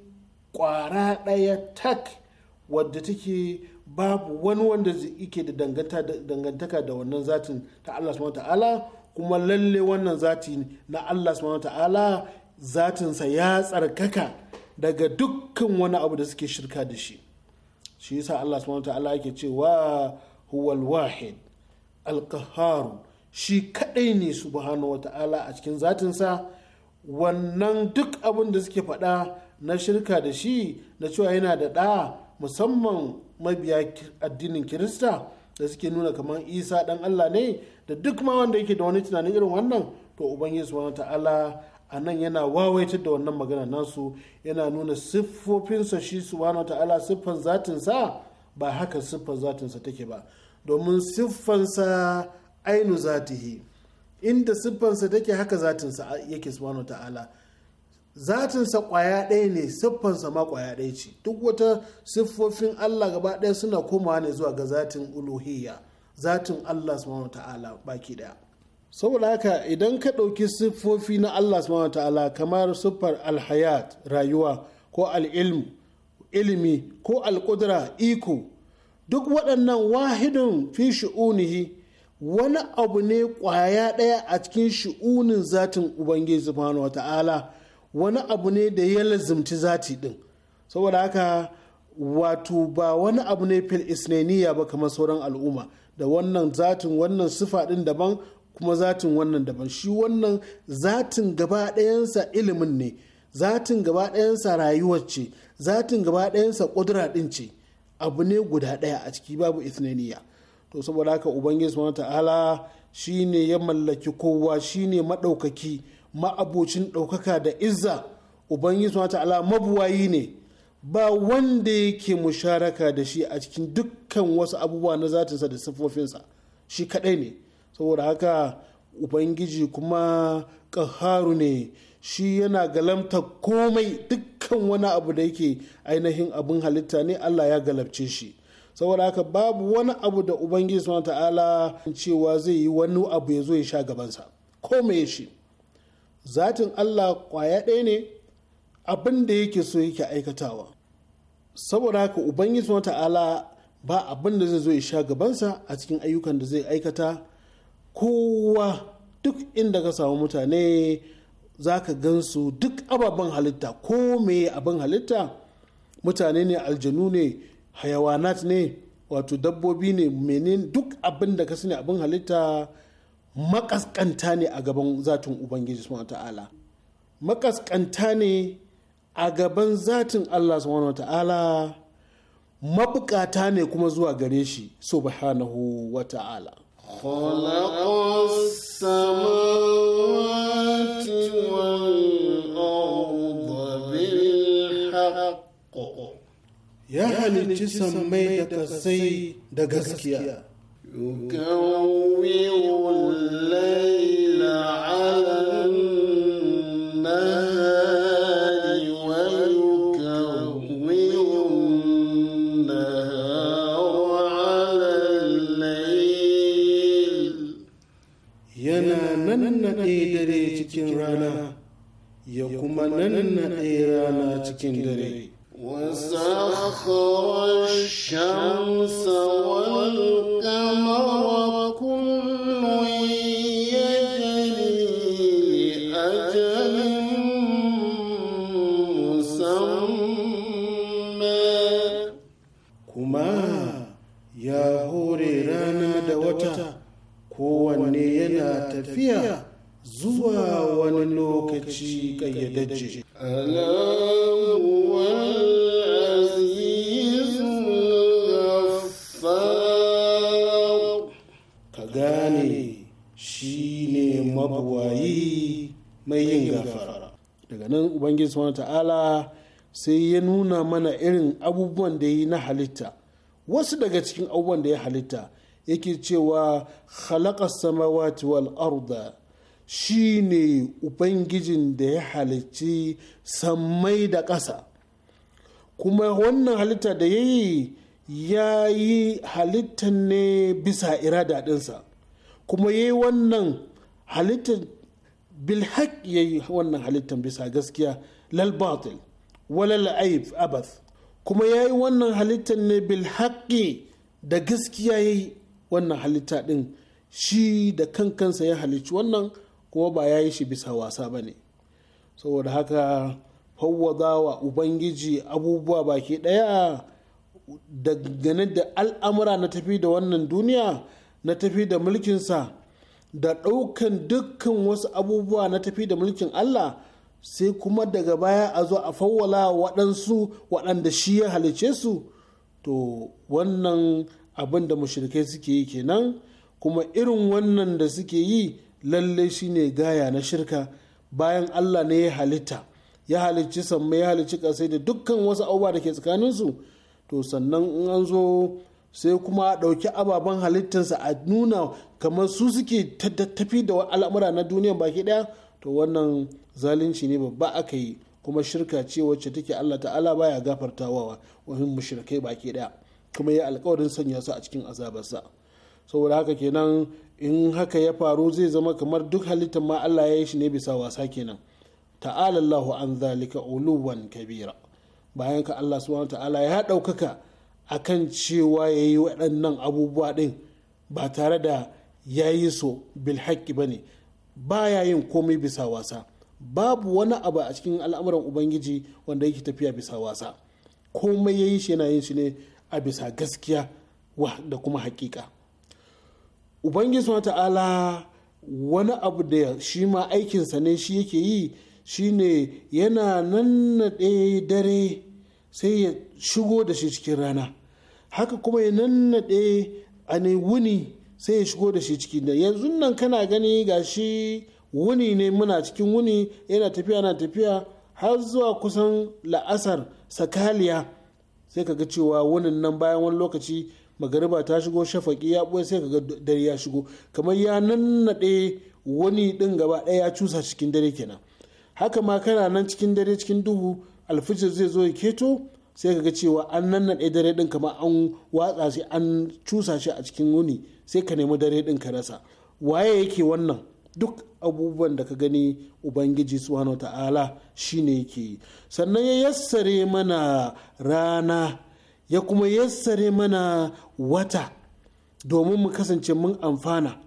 kwara ɗaya tak wadda take babu wani wanda ike da dangantaka da wannan zatin ta Allah subhanahu ta'ala kuma lalle wannan zati na Allah subhanahu ta'ala zatinsa ya tsarkaka daga dukkan wani abu da suke shirka da shi shi yasa Allah subhanahu ta'ala yake cewa huwal wahid alkaharu shi kadai ne subhanahu ta'ala a cikin zatinsa wannan duk abin da suke faɗa na shirka da shi na cewa yana da ɗa musamman mabiya addinin kirista da suke nuna kamar isa dan allah ne da duk ma wanda yake da wani tunanin irin wannan to ubangiji subhanahu ta'ala a nan yana wawaitar da wannan magana nasu yana nuna siffofinsa shi subhanahu ta'ala siffan zatinsa ba haka siffan zatinsa take ba domin siffansa ainu zatihi inda siffansa take haka zatinsa yake subhanahu ta'ala zatinsa kwaya ɗaya ne siffansa ma kwaya ɗaya ce duk wata siffofin allah gaba ɗaya suna komawa ne zuwa ga zatin uluhiyya zatin allah subhanahu ta'ala baki ɗaya saboda haka idan ka ɗauki siffofi na allah subhanahu ta'ala kamar siffar alhayat rayuwa ko al'ilm ilimi ko alƙudura iko duk waɗannan wahidin fi shi'unihi wani abu ne ƙwaya ɗaya a cikin shi'unin zatin ubangiji subhanahu ta'ala wani abu ne da ya lazimci zati din saboda haka wato ba wani abu ne fil isnaniya ba kamar sauran al'umma da wannan zatin wannan sifa din daban kuma zatin wannan daban shi wannan zatin gaba ɗayansa ilimin ne zatin gaba ɗayansa rayuwar ce zatin gaba ɗayansa ƙudura ɗin ce abu ne guda ɗaya a ciki babu isnaniya to saboda haka ubangiji subhanahu ta'ala shine ya mallaki kowa shine maɗaukaki ma'abocin ɗaukaka da izza ubangiji ta ala mabuwayi ne ba wanda yake musharaka da shi a cikin dukkan wasu abubuwa na zatinsa da siffofinsa shi kaɗai ne saboda haka ubangiji kuma ƙaharu ne shi yana galamta komai dukkan wani abu da yake ainihin abin halitta ne allah ya galabce shi saboda haka babu wani abu da ubangiji subhanahu ta'ala cewa zai yi wani abu ya zo ya sha gabansa komai shi zatin Allah kwaya ɗaya ne abin da yake so yake aikatawa saboda haka ubangiji wa ta'ala ba abin da zai zo ya sha gabansa a cikin ayyukan da zai aikata kowa duk inda ka samu mutane za ka gansu duk ababen halitta ko me abin halitta mutane ne aljanu ne hayawanat ne wato dabbobi ne menin duk abin da ka sani abin halitta makaskanta ne a gaban zatin ubangiji subhanahu wataala makaskanta ne a gaban zatin Allah subhanahu wataala mabukata ne kuma zuwa gare shi subhanahu wa ya halicci sammai da kasai da gaskiya cikin rana ya kuma nannaɗe rana cikin dare وسخر الشمس والقمر كل يجري لأجل مسمى كما يا هوري رانا دوتا kowanne yana tafiya zuwa wani lokaci kayyadajje. Allah mai yin gafara daga nan ubangiji subhanahu ta'ala sai ya nuna mana irin abubuwan da yi na halitta wasu daga cikin abubuwan da ya halitta yake cewa khalaqa samawati wal arda shine ubangijin da ya halicci sammai da ƙasa kuma wannan halitta da ya yi ya yi halittar ne bisa irada ɗinsa kuma ya yi wannan halittar bilhaq ya yi wannan halittan bisa gaskiya lal batil walal aib abath kuma ya yi wannan halittan ne bilhaqi da gaskiya ya yi wannan halitta ɗin shi da kankansa ya halicci wannan kuma ba ya yi shi bisa wasa ba ne saboda haka fawwada wa ubangiji abubuwa baki ɗaya dangane da al'amura na tafi da wannan duniya na tafi da mulkinsa da ɗaukan dukkan wasu abubuwa na tafi da mulkin Allah sai kuma daga baya a zo a fawwala waɗansu waɗanda shi ya halice su to wannan abin da mushirikai suke yi kenan kuma irin wannan da suke yi lalle shine gaya na shirka bayan Allah ne ya halitta ya halicci sammai ya halicci ƙasai da dukkan wasu abubuwa da ke tsakaninsu to sannan in an zo sai kuma a ɗauki ababen halittarsa a nuna kamar su suke tafi da al'amura na duniya baki ɗaya to wannan zalunci ne babba aka yi kuma shirka ce wacce take Allah ta'ala baya gafartawa wahin mushrikai baki ɗaya kuma ya alkawarin sanya su a cikin azabarsa saboda haka kenan in haka ya faru zai zama kamar duk halittar ma Allah ya yi shi ne bisa wasa kenan ta'ala Allahu an zalika uluwan kabira bayan ka Allah subhanahu ta'ala ya ɗaukaka a kan cewa ya yi waɗannan abubuwa ɗin ba tare da ya yi so bilhaƙi ba ne ba ya yin komai bisa wasa babu wani abu a cikin al'amuran ubangiji wanda yake tafiya bisa wasa komai ya yi shi yana yin shi ne a bisa gaskiya da kuma hakika ubangiji wa ta'ala wani abu da shi ma aikinsa ne shi yake yi shine yana nannaɗe dare sai ya shigo da shi cikin rana haka kuma ya nannaɗe a ne wuni sai ya shigo da shi cikin da yanzu nan kana gani shi wuni ne muna cikin wuni yana tafiya na tafiya har zuwa kusan la'asar sakaliya sai ka ga cewa wunin nan bayan wani lokaci magariba ta shigo shafaki ya ɓoye sai ka ga dare ya shigo kamar ya nannaɗe wuni ɗin gaba ɗaya ya cusa cikin dare kenan haka ma kana nan cikin dare cikin duhu alfijir zai zo ya keto sai ka ga cewa an nannaɗe dare ɗin kamar an watsa shi an cusa shi a cikin wuni sai ka nemi dare ɗin ka rasa waye yake wannan duk abubuwan da ka gani ubangiji subhanahu ta'ala shine yake yi sannan ya yassare mana rana ya kuma yassare mana wata domin mu kasance mun amfana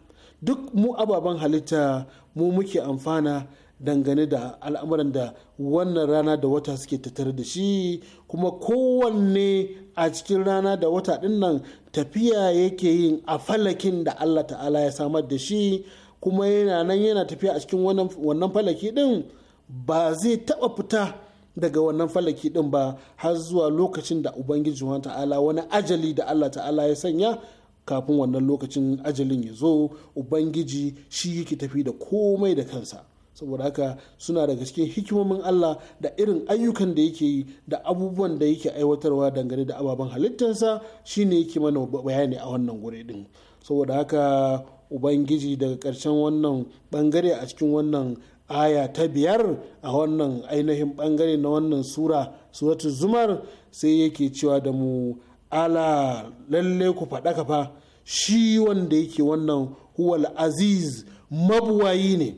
duk mu ababen halitta mu muke amfana dangane da al'amuran da wannan rana da wata suke tattare da shi kuma kowanne a cikin rana da wata dinnan tafiya yake yin a falakin da allah ta'ala ya samar da shi kuma yana nan yana tafiya a cikin wannan falaki din ba zai taba fita daga wannan falaki din ba har zuwa lokacin da ubangiji ta'ala wani ajali da allah ta'ala ya sanya kafin wannan lokacin ajalin ya zo ubangiji shi yake tafi da komai da kansa saboda haka suna daga cikin hikimomin Allah da irin ayyukan da yake yi da abubuwan da yake aiwatarwa dangane da ababen halittarsa shine yake mana bayani a wannan gure din saboda haka ubangiji daga ƙarshen wannan bangare a cikin wannan aya ta biyar a wannan ainihin bangare na wannan sura suratu zumar sai yake cewa da mu ala lalle ku faɗa fa shi wanda yake wannan huwal aziz mabuwayi ne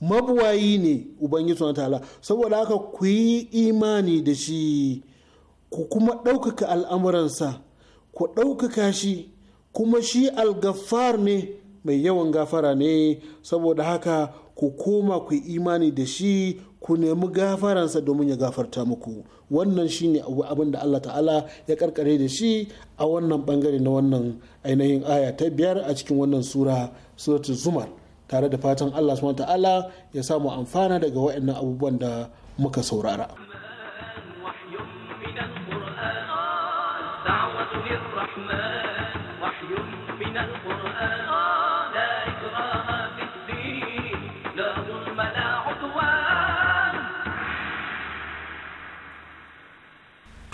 mabuwayi ne ubangiji wa ta'ala saboda haka ku yi imani da shi ku kuma ɗaukaka al'amuransa ku ɗaukaka shi kuma shi algafar ne mai yawan gafara ne saboda haka ku koma ku imani da shi ku nemi gafaransa domin ya gafarta muku wannan shi ne abin da Allah ta'ala ya karkare da shi a wannan bangare na wannan ainihin aya ta biyar a cikin wannan sura suratul zumar tare da fatan allah subhanahu ta'ala ya samu amfana daga waɗannan abubuwan da muka saurara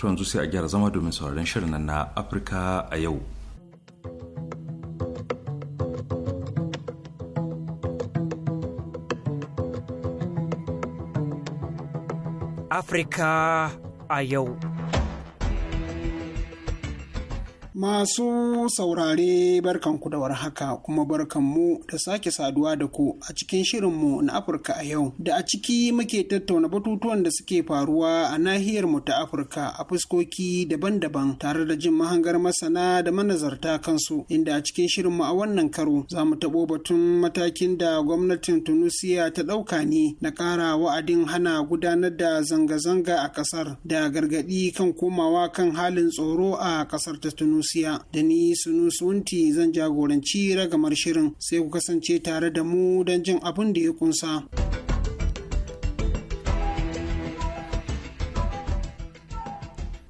yanzu sai a gyara zama domin sauraron shirin na Afirka a yau. Afirka a yau. Masu saurare barkanku da warhaka kuma barkanmu da sake saduwa da ku a cikin shirinmu na Afirka a yau da a ciki muke tattauna batutuwan da suke faruwa a nahiyar mu ta Afirka a fuskoki daban-daban tare da jin mahangar masana da manazarta kansu inda a cikin shirinmu a wannan karo za mu taɓo batun matakin da gwamnatin Tunusiya ta ɗauka ne na ƙara wa'adin hana gudanar da zanga-zanga a ƙasar da gargaɗi kan komawa kan halin tsoro a ƙasar ta Tunusiya. da ni Sunu Sunti zan jagoranci ragamar shirin sai ku kasance tare da mu don jin abin da ya kunsa.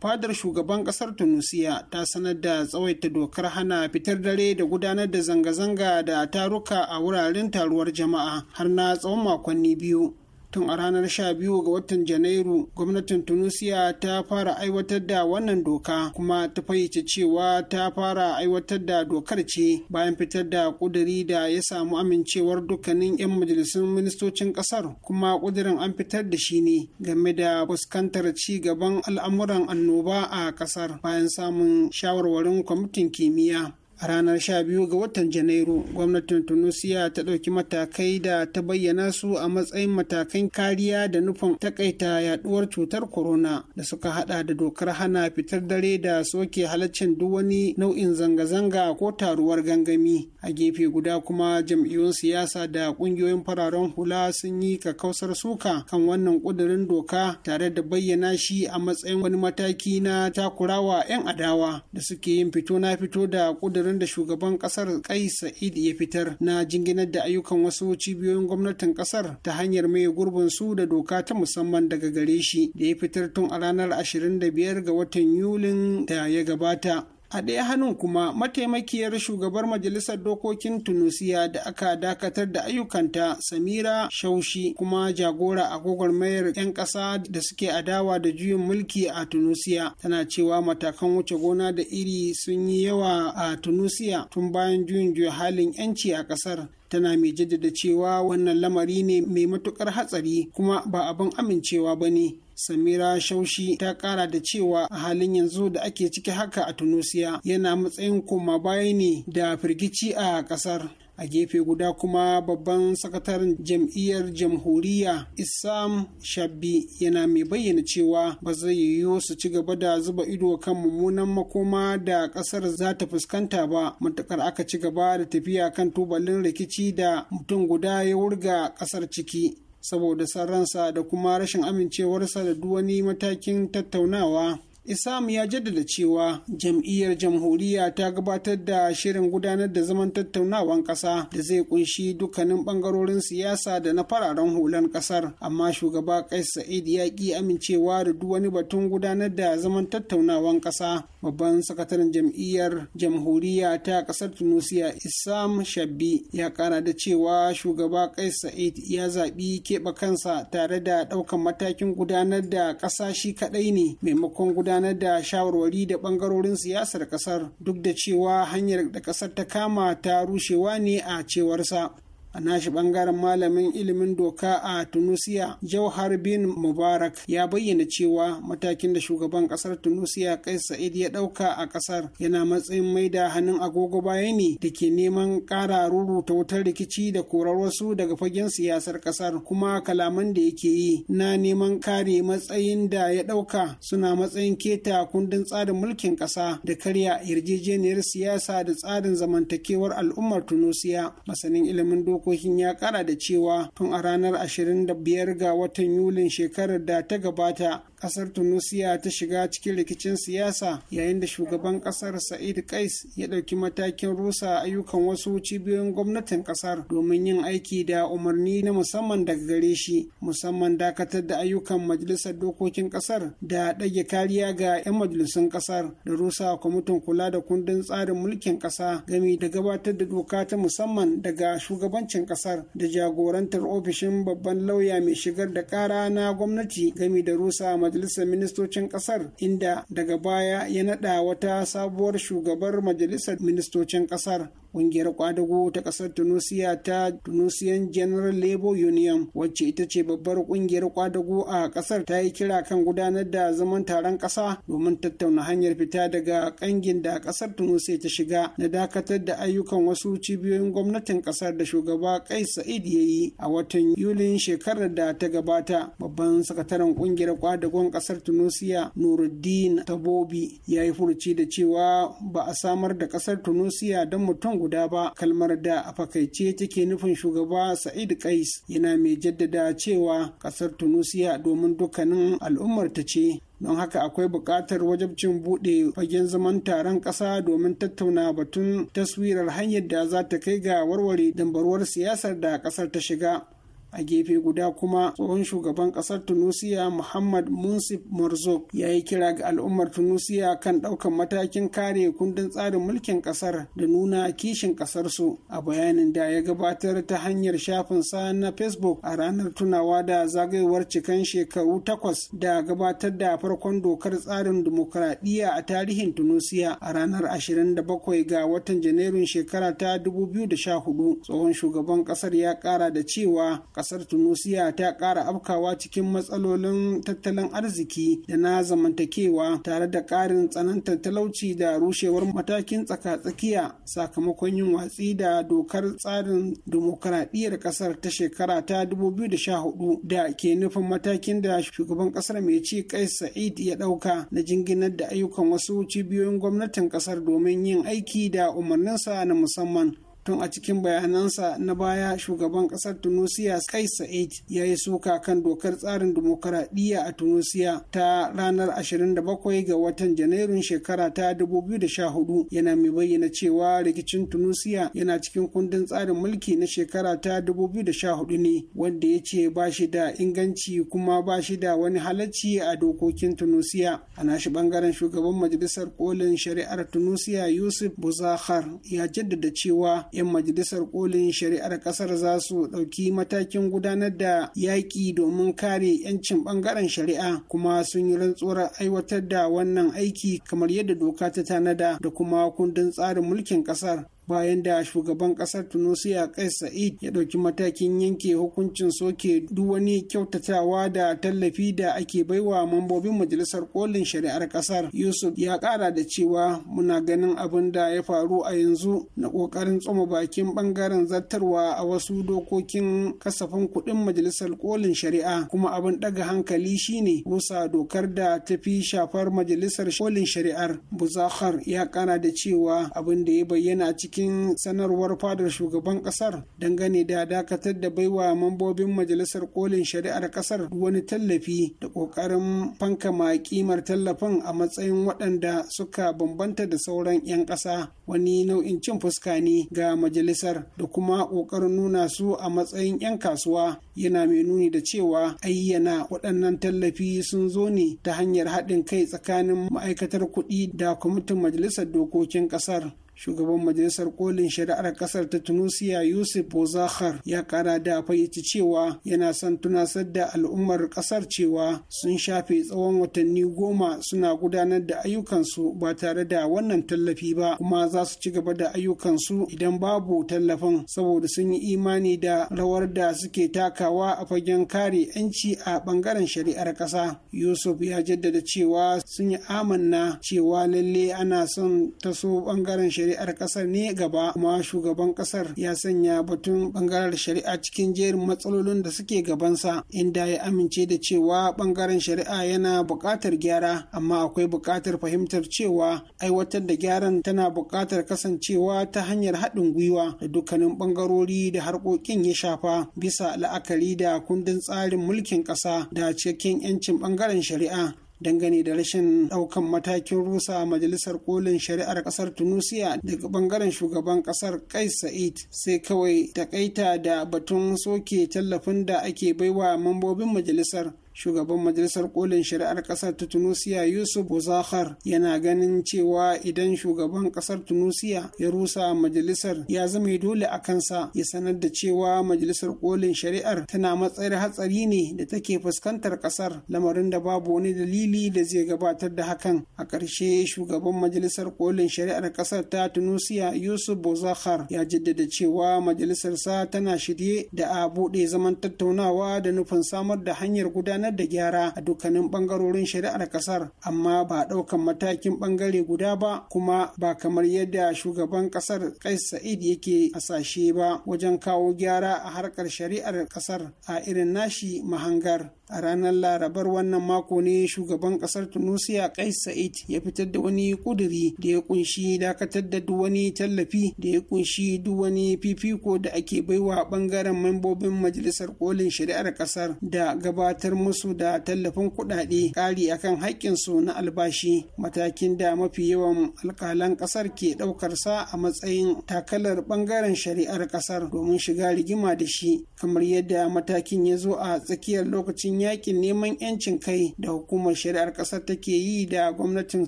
fadar shugaban kasar tunisia ta sanar da tsawaita dokar hana fitar dare da gudanar da zanga-zanga da taruka a wuraren taruwar jama'a har na tsawon makonni biyu tun a ranar 12 ga watan janairu gwamnatin tunisia ta fara aiwatar da wannan doka kuma ta fayyace cewa ta fara aiwatar da dokar ce bayan fitar da kudiri da ya samu amincewar dukkanin 'yan majalisun ministocin kasar kuma kudirin an fitar da shi ne game da fuskantar ci gaban al'amuran annoba a kasar bayan samun shawarwarin kwamitin kimiyya a ranar 12 ga watan janairu gwamnatin tunisia ta ɗauki matakai da ta bayyana su a matsayin matakan kariya da nufin takaita yaduwar cutar corona da suka hada da dokar hana fitar dare da soke halaccin duk wani nau'in zanga-zanga ko taruwar gangami a gefe guda kuma jam'iyyun siyasa da ƙungiyoyin fararen hula sun yi kakausar suka kan wannan ƙudurin doka tare da bayyana shi a matsayin wani mataki na takurawa 'yan adawa da suke yin fito na fito da ƙudurin rahoton da shugaban kasar kai sa'id ya fitar na jinginar da ayyukan wasu cibiyoyin gwamnatin kasar ta hanyar mai gurbin su da doka ta musamman daga gare shi da ya fitar tun a ranar 25 ga watan yulin da ya gabata a ɗaya hannun kuma mataimakiyar shugabar majalisar dokokin tunisiya da aka dakatar da ayyukanta samira shaushi kuma jagora a gwagwarmayar 'yan ƙasa da suke adawa da juyin mulki a tunisiya tana cewa matakan wuce gona da iri sun yi yawa a tunisiya tun bayan juyin juya halin 'yanci a ƙasar tana mai jaddada cewa wannan lamari ne mai matukar hatsari kuma ba abin amincewa ba ne samira shaushi ta kara da cewa a halin yanzu da ake ciki haka a tunisia yana matsayin koma baya ne da firgici a kasar a gefe guda kuma babban sakataren jam'iyyar jamhuriya isam shabbi yana mai bayyana cewa ba zai yiwu su ci gaba da zuba ido kan mummunan makoma da kasar za ta fuskanta ba matukar aka ci gaba da tafiya kan tubalin rikici da mutum guda ya wurga kasar ciki saboda sarransa da kuma rashin amincewarsa da duk wani matakin tattaunawa Isam ya jaddada cewa jam'iyyar jamhuriya ta gabatar da shirin gudanar da zaman tattaunawan ƙasa da zai kunshi dukkanin ɓangarorin siyasa da na fararen hulan ƙasar, amma shugaba Kais Sa'id ya ƙi amincewa da duk wani batun gudanar da zaman tattaunawan ƙasa. Babban sakataren jam'iyyar jamhuriya ta ƙasar Tunisia Isam Shabbi ya ƙara da cewa shugaba Kais Sa'id ya zaɓi keɓe kansa tare da ɗaukan matakin gudanar da ƙasa shi kaɗai ne maimakon gudanar gudanar da shawarwari da bangarorin siyasar kasar duk da cewa hanyar da kasar ta kama ta rushewa ne a cewarsa a nashi bangaren malamin ilimin doka a Tunusiya, jauhar bin mubarak ya bayyana cewa matakin da shugaban kasar Tunusiya kai sa'id ya dauka a kasar yana matsayin mai da hannun agogo baya ne da ke neman kara ruruta wutar rikici da korar wasu daga fagen siyasar kasar kuma kalaman da yake yi na neman kare matsayin da ya dauka suna matsayin keta kundin tsarin mulkin kasa da karya yarjejeniyar siyasa da tsarin zamantakewar al'ummar Tunusiya masanin ilimin doka harkokin ya kara da cewa tun a ranar 25 ga watan yulin shekarar da ta gabata kasar tunisia ta shiga cikin rikicin siyasa yayin da shugaban kasar sa'id kais ya ɗauki matakin rusa ayyukan wasu cibiyoyin gwamnatin kasar domin yin aiki da umarni na musamman daga gare shi musamman dakatar da ayyukan majalisar dokokin kasar da ɗage kariya ga 'yan majalisun kasar da rusa kwamitin kula da kundin tsarin mulkin kasa gami da gabatar da doka ta musamman daga shugabancin kasar da jagorantar ofishin babban lauya mai shigar da kara na gwamnati gami da rusa majalisar ministocin kasar inda daga baya ya naɗa wata sabuwar shugabar majalisar ministocin kasar Ƙungiyar kwadago ta ƙasar Tunisia ta Tunisian General labor Union wacce ita ce babbar ƙungiyar kwadago a ƙasar ta yi kira kan gudanar da zaman taron ƙasa domin tattauna hanyar fita daga ƙangin da ƙasar Tunisia ta shiga na dakatar da ayyukan wasu cibiyoyin gwamnatin ƙasar da shugaba kai Sa'id ya yi a watan Yulin shekarar da ta gabata. Babban sakataren ƙungiyar kwadagon ƙasar Tunisia Nuruddin Tabobi ya yi furuci da cewa ba a samar da ƙasar Tunisia don mutum guda ba kalmar da a fakaice take nufin shugaba sa'id kais yana mai jaddada cewa kasar tunisia domin dukkanin al'ummar ta ce don haka akwai buƙatar wajabcin buɗe fagen zaman taron ƙasa domin tattauna batun taswirar hanyar da za ta kai ga warware dambarwar siyasar da ƙasar ta shiga a gefe guda kuma tsohon shugaban kasar tunisia muhammad munsif marzouk ya yi kira ga al'ummar tunisia kan ɗaukan matakin kare kundin tsarin mulkin kasar da nuna kishin kasarsu a bayanin da ya gabatar ta hanyar shafin sa na facebook a ranar tunawa da zagayowar cikan shekaru takwas da gabatar da farkon dokar tsarin dimokuraɗiyya a tarihin tunisia a ranar 27 ga watan janairun shekara ta 2014 tsohon shugaban kasar ya ƙara da cewa kasar tunisia ta kara afkawa cikin matsalolin tattalin arziki da na zamantakewa tare da karin tsanantar talauci da rushewar matakin tsaka-tsakiya sakamakon yin watsi da dokar tsarin dimokuraɗiyyar kasar ta shekara ta 2014 da ke nufin matakin da shugaban kasar mai ci kai sa'id ya dauka na jinginar da ayyukan wasu cibiyoyin gwamnatin kasar domin yin aiki da umarninsa na musamman tun a cikin bayanansa na baya shugaban kasar tunisia kai sa'id ya yi suka kan dokar tsarin dimokuraɗiyya a tunisia ta ranar 27 ga watan janairun shekara ta 2014 yana mai bayyana cewa rikicin tunisia yana cikin kundin tsarin mulki na shekara ta 2014 ne wanda ya ce ba shi da inganci kuma ba shi da wani halacci a dokokin tunisia a nashi bangaren shugaban majalisar kolin shari'ar tunisia yusuf buzakhar ya jaddada cewa 'yan majalisar kolin shari'ar kasar za su ɗauki matakin gudanar da yaƙi domin kare 'yancin ɓangaren shari'a kuma sun yi rantsuwar aiwatar da wannan aiki kamar yadda doka ta tanada da kuma kundin tsarin mulkin ƙasar. bayan da shugaban kasar tunisia kais sa'id ya ɗauki matakin yanke hukuncin soke duk wani kyautatawa da tallafi da ake baiwa mambobin majalisar kolin shari'ar kasar yusuf ya ƙara da cewa muna ganin abin da ya faru a yanzu na ƙoƙarin tsoma bakin ɓangaren zartarwa a wasu dokokin kasafin kuɗin majalisar kolin shari'a kuma abin ɗaga hankali shine rusa dokar da ta fi shafar majalisar kolin shari'ar buzakhar ya ƙara da cewa abin da ya bayyana cikin cikin sanarwar fadar shugaban kasar dangane da dakatar da baiwa mambobin majalisar kolin shari'ar kasar wani tallafi da kokarin fankama kimar tallafin a matsayin waɗanda suka bambanta da sauran 'yan ƙasa wani nau'in cin fuska ne ga majalisar da kuma ƙoƙarin nuna su a matsayin 'yan kasuwa yana mai nuni da cewa ayyana waɗannan tallafi sun zo ne ta hanyar haɗin kai tsakanin ma'aikatar kuɗi da kwamitin majalisar dokokin ƙasar shugaban majalisar kolin shari'ar kasar ta tunisia yusuf bozakhar ya kara da fayyace cewa yana son tunasar da al'ummar kasar cewa sun shafe tsawon watanni goma suna gudanar da ayyukansu ba tare da wannan tallafi ba kuma za su ci gaba da ayyukansu idan babu tallafin saboda sun yi imani da rawar da suke takawa a fagen kare 'yanci a bangaren shari'ar kasa yusuf ya jaddada cewa sun yi amanna cewa lalle ana son taso bangaren shari'ar shari'ar kasar ne gaba kuma shugaban kasar ya sanya batun bangaren shari'a cikin jerin matsalolin da suke gabansa inda ya amince da cewa bangaren shari'a yana buƙatar gyara amma akwai buƙatar fahimtar cewa aiwatar da gyaran tana buƙatar kasancewa ta hanyar haɗin gwiwa da dukkanin bangarori da harkokin ya shafa bisa la'akari da kundin tsarin mulkin ƙasa da cikakken 'yancin bangaren shari'a dangane da rashin daukan matakin rusa a majalisar kolin shari'ar kasar tunisia daga bangaren shugaban kasar kais sa'id sai kawai takaita da batun soke tallafin da ake baiwa mambobin majalisar shugaban majalisar kolin shari'ar kasar ta tunisia yusuf buzakhar yana ganin cewa idan shugaban kasar tunisia ya rusa majalisar ya zama dole a kansa ya sanar da cewa majalisar kolin shari'ar tana matsayar hatsari ne da take fuskantar kasar lamarin da babu wani dalili da zai gabatar da hakan a ƙarshe shugaban majalisar kolin shari'ar kasar ta tunisia yusuf buzakhar ya jaddada cewa majalisarsa tana shirye da a buɗe zaman tattaunawa da nufin samar da hanyar gudanar gudanar da gyara a dukkanin bangarorin shari'ar kasar amma ba a ɗaukan matakin bangare guda ba kuma ba kamar yadda shugaban kasar kais sa'id yake hasashe ba wajen kawo gyara a harkar shari'ar kasar a irin nashi mahangar a ranar larabar wannan mako ne shugaban kasar tunisia kais sa'id ya fitar da wani kuduri da ya kunshi dakatar da duk wani tallafi da ya kunshi duk wani fifiko da ake baiwa bangaren membobin majalisar kolin shari'ar kasar da gabatar musu da tallafin kuɗaɗe ƙari akan haƙƙinsu na albashi matakin da mafi yawan alƙalan kasar ke ɗaukar sa a matsayin takalar bangaren shari'ar kasar domin shiga rigima da shi kamar yadda matakin ya zo a tsakiyar lokacin yakin neman 'yancin kai da hukumar shari'ar ƙasar take yi da gwamnatin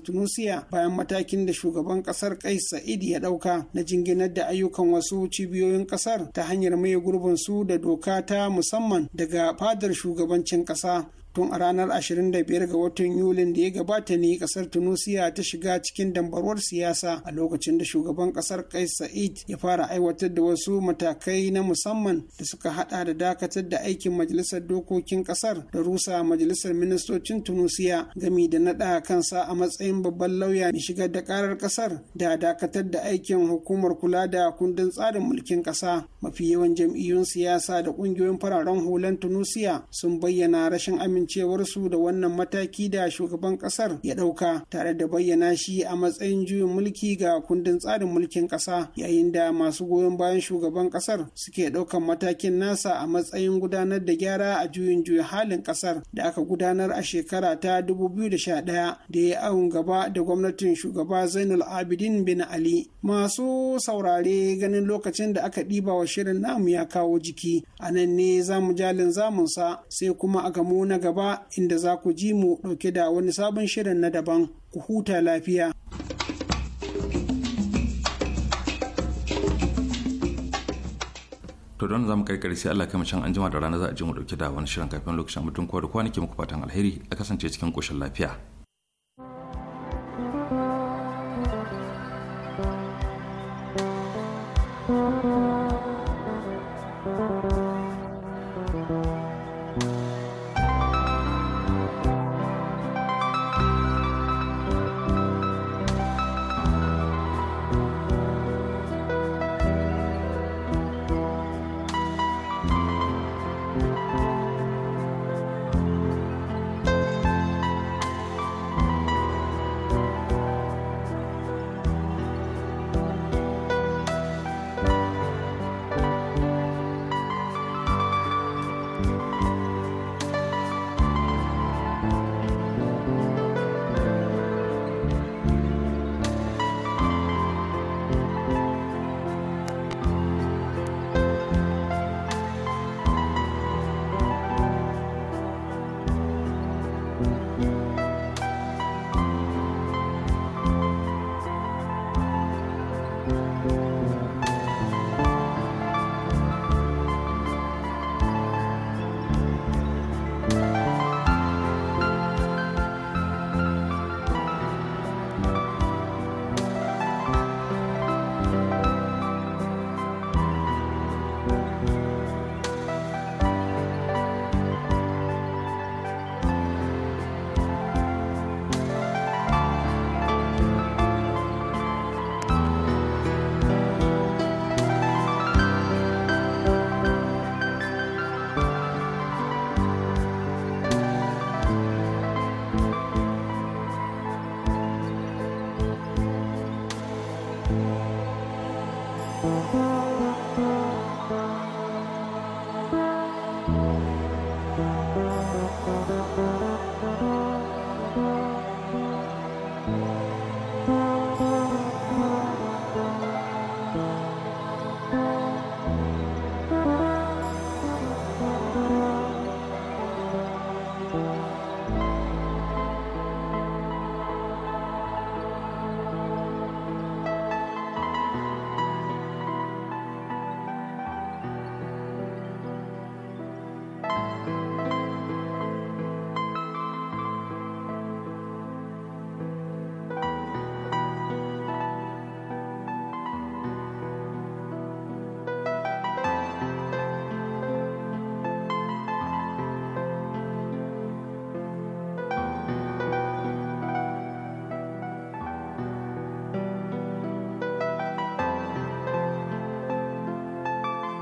tunisia bayan matakin da shugaban ƙasar kai sa'id ya ɗauka na jinginar da ayyukan wasu cibiyoyin ƙasar ta hanyar maye gurbin su da doka ta musamman daga fadar shugabancin ƙasa tun a ranar 25 ga watan yulin da ya gabata ne kasar tunisia ta shiga cikin dambarwar siyasa a lokacin da shugaban kasar kais sa'id ya fara aiwatar da wasu matakai na musamman da suka hada da dakatar da aikin majalisar dokokin kasar da rusa majalisar ministocin tunisia gami da nada kansa a matsayin babban lauya mai shigar da karar kasar da dakatar da aikin hukumar kula da kundin tsarin mulkin kasa mafi yawan jam'iyyun siyasa da kungiyoyin fararen hulan tunisia sun bayyana rashin amin su da wannan mataki da shugaban kasar ya ɗauka tare da bayyana shi a matsayin juyin mulki ga kundin tsarin mulkin ƙasa yayin da masu goyon bayan shugaban kasar suke ɗaukan matakin nasa a matsayin gudanar da gyara a juyin juyin halin kasar da aka gudanar a shekara ta 2011 da ya awon gaba da gwamnatin shugaba zainul abidin bin ali masu saurare ganin lokacin da aka ɗiba wa shirin namu ya kawo jiki a nan ne zamu jalin sa sai kuma a gamu na gaba gaba inda za ku ji mu ɗauke da wani sabon shirin na daban ku huta lafiya. to don zamu kai sai Allah kai can anjima da rana za a ji mu dauke da wani shirin kafin lokacin mutum ko da kwanaki muku fatan alheri a kasance cikin koshin lafiya